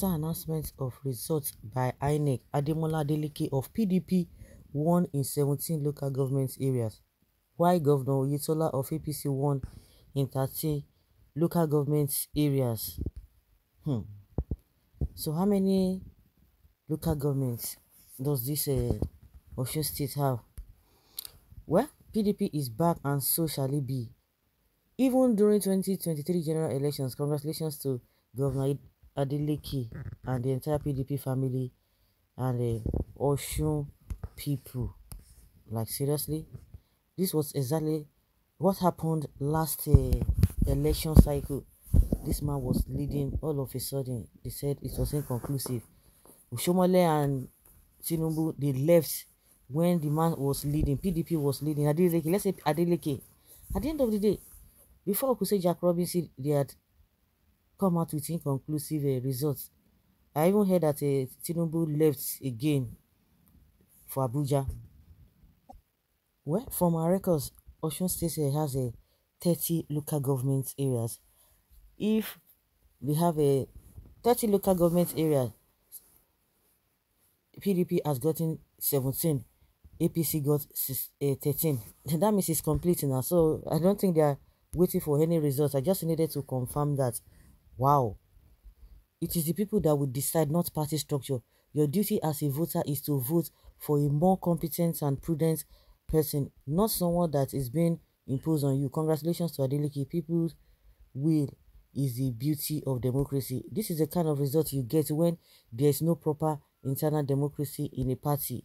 After announcement of results by INEC, Ademola Adeleke of PDP won in 17 local government areas, while Governor Yitola of APC won in thirteen local government areas. Hmm. So how many local governments does this uh, Osun state have? Well, PDP is back and so shall it be. Even during 2023 general elections, congratulations to Governor Adeleke and the entire PDP family and the eh, Oshun people. Like, seriously? This was exactly what happened last uh, election cycle. This man was leading all of a sudden. They said it was inconclusive. Ushomole and Tinubu, they left when the man was leading. PDP was leading. Adeleke, let's say Adeleke. At the end of the day, before I could say Jack Robinson, they had come out with inconclusive uh, results. I even heard that uh, Tinubu left again for Abuja. Well, from our records, Ocean State uh, has a 30 local government areas. If we have a 30 local government areas, PDP has gotten 17, APC got six, uh, 13. that means it's complete now. So I don't think they are waiting for any results. I just needed to confirm that. Wow. It is the people that will decide, not party structure. Your duty as a voter is to vote for a more competent and prudent person, not someone that is being imposed on you. Congratulations to Adeliki. People's will is the beauty of democracy. This is the kind of result you get when there is no proper internal democracy in a party.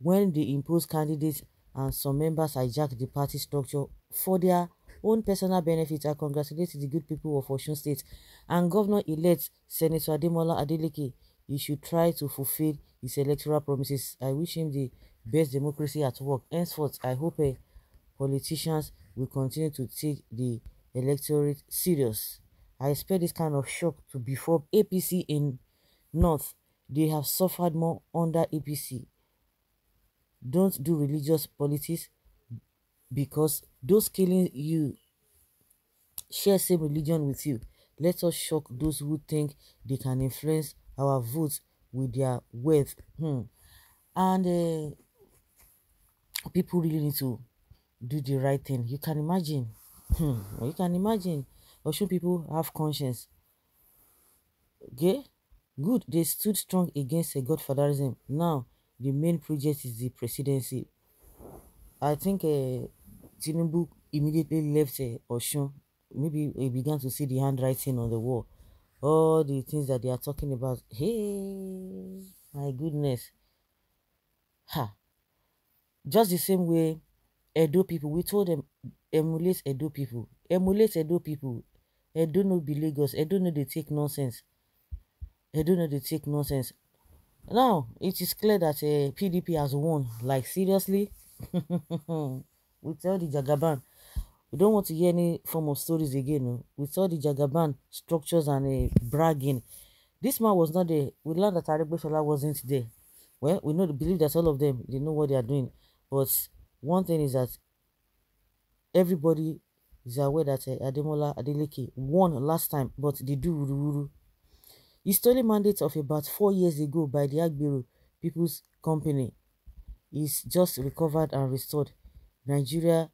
When they impose candidates and some members hijack the party structure for their own personal benefit, I congratulate the good people of Osun State and Governor-elect Senator Ademola Adeleke, he should try to fulfill his electoral promises. I wish him the best democracy at work. Henceforth, I hope uh, politicians will continue to take the electorate serious. I expect this kind of shock to from APC in North. They have suffered more under APC. Don't do religious politics because those killing you share same religion with you. Let us shock those who think they can influence our votes with their wealth. Hmm. And uh, people really need to do the right thing. You can imagine. Hmm. You can imagine. Or should people have conscience? Okay? Good. They stood strong against a godfatherism. Now, the main project is the presidency. I think uh, Tinubu immediately left uh, eh, Oshun maybe he began to see the handwriting on the wall. All the things that they are talking about. Hey, my goodness. Ha. Just the same way Edo people, we told them, emulate Edo people. Emulate Edo people. Edo no be Lagos. Edo no they take nonsense. Edo no they take nonsense. Now, it is clear that uh, eh, PDP has won. Like, seriously? we tell the Jagaban We don't want to hear any form of stories again no? Oh. We saw the Jagaban structures and uh, bragging. This man was not there. We learned that Aregbesola wasn't there. Well, we know believe that all of them they know what they are doing. But one thing is that everybody is aware that uh, Ademola Adeleke won last time, but they do wuru He stole a mandate of about four years ago by the Agbero People's Company. Is just recovered and restored. Nigeria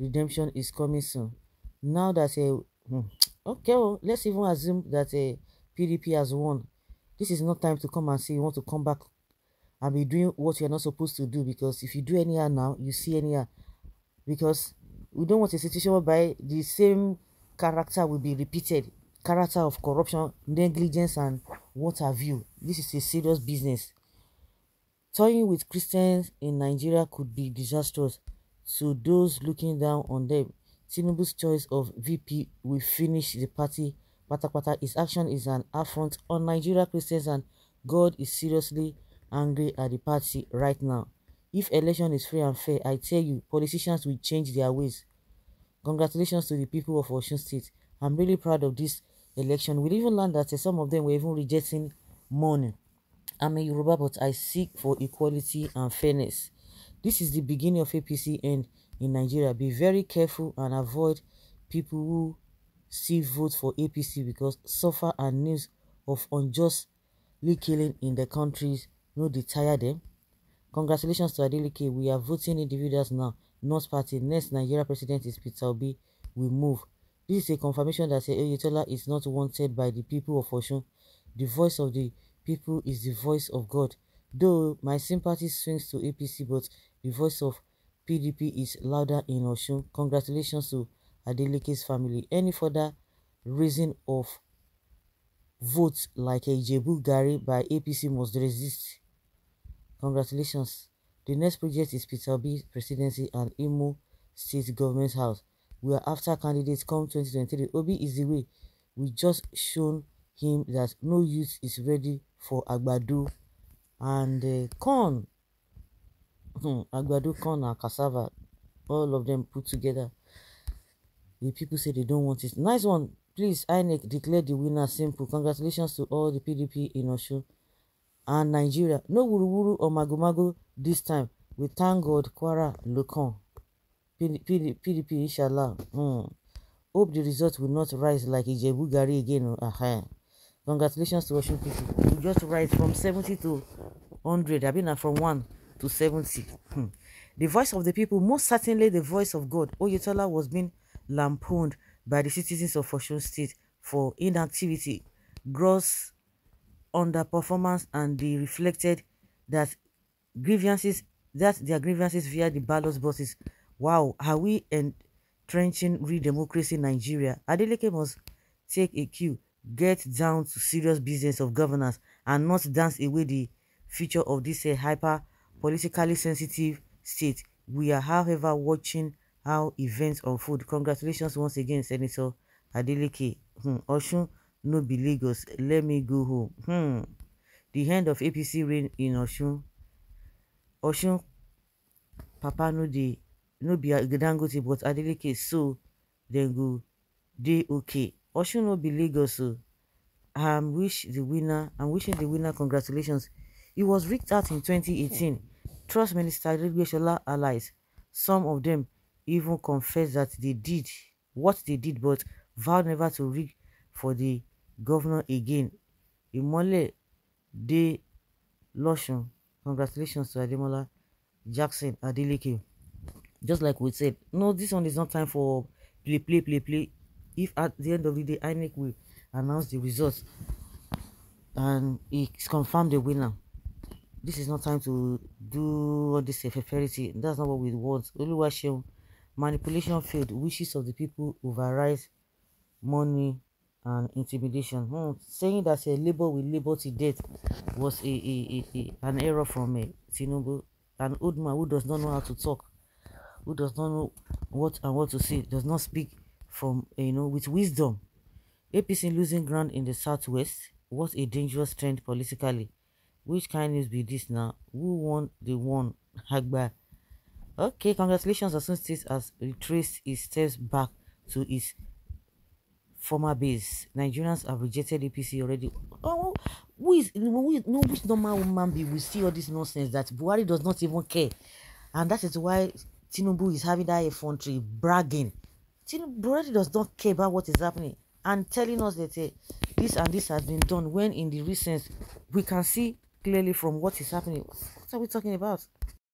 redemption is coming soon. Now that a eh, hmm, okay, well, oh, let's even assume that a eh, PDP has won. This is not time to come and say you want to come back and be doing what you're not supposed to do because if you do any now, you see any. Because we don't want a situation whereby the same character will be repeated. Character of corruption, negligence, and what have you. This is a serious business. Toying with Christians in Nigeria could be disastrous. So those looking down on them, Tinubu's choice of VP will finish the party patapata. His action is an affront on Nigeria Christians and God is seriously angry at the party right now. If election is free and fair, I tell you, politicians will change their ways. Congratulations to the people of Osun State. I'm really proud of this election. We even learned that uh, some of them were even rejecting money. I'm a Yoruba, but I seek for equality and fairness. This is the beginning of APC end in Nigeria. Be very careful and avoid people who see vote for APC because suffer and news of unjustly killing in the countries no deter them. Congratulations to Adeleke. We are voting individuals now, not party. Next Nigeria president is Peter We move. This is a confirmation that Oyetola is not wanted by the people of Oshun. The voice of the people is the voice of God. Though my sympathy swings to APC, but the voice of PDP is louder in Oshun. Congratulations to Adeleke's family. Any further raising of votes like a Jebu Gary by APC must resist. Congratulations. The next project is Peter B presidency and Imo State Government House. We are after candidates come 2023. Obi is the way. We just shown him that no youth is ready for Agbado. and uh, corn, agbado hmm, corn and cassava, all of them put together. The people say they don't want it. Nice one. Please, INEC declare the winner simple. Congratulations to all the PDP in Osun and Nigeria. No wuruwuru or magomago this time. We thank God, Kwara, Lokon. PD, PD, PDP, inshallah. Mm. Hope the result will not rise like Ijebu Gari again. Uh oh, -huh. Congratulations to Russian people. You just rise from 70 to 100. I mean, uh, from 1 to 70. Hmm. The voice of the people, most certainly the voice of God, Oyetola was being lampooned by the citizens of Osun State for inactivity, gross underperformance, and they reflected that grievances that their grievances via the ballot boxes. Wow, are we entrenching re-democracy in Nigeria? Adeleke must take a cue get down to serious business of governance and not dance away the future of this uh, hyper politically sensitive state. We are, however, watching how events unfold. Congratulations once again, Senator Adeleke. Hmm. Oshun, no be Lagos. Let me go home. Hmm. The end of APC reign in Oshun. Oshun, Papa no de no be Dangote, but Adeleke, so dem go dey okay. should no be Lagos. Oh. I'm wish the winner. I'm wishing the winner congratulations. It was rigged out in 2018. Trust Minister Rigbeshola allies. Some of them even confessed that they did what they did, but vowed never to rig for the governor again. Imole De Loshun. Congratulations to Ademola Jackson Adeleke. Just like we said, no, this one is not time for play, play, play, play if at the end of the day INEC will announce the results and it's confirmed the winner this is not time to do all this efferity that's not what we want Oluwaseun manipulation failed wishes of the people override money and intimidation hmm. saying that a labor will labor to death was a, a, a, a an error from a eh, Tinubu an old man who does not know how to talk who does not know what and what to say does not speak from eh, you know with wisdom. APC losing ground in the southwest was a dangerous trend politically. Which kind news be this now? Who won the one? Hagba. Okay, congratulations, As soon as has retraced his steps back to his former base. Nigerians have rejected APC already. Oh, who is no which normal woman be we see all this nonsense that Buhari does not even care, and that is why Tinubu is having that effrontery bragging Buredi does not care about what is happening and telling us that uh, this and this has been done when in the recent we can see clearly from what is happening. What are we talking about?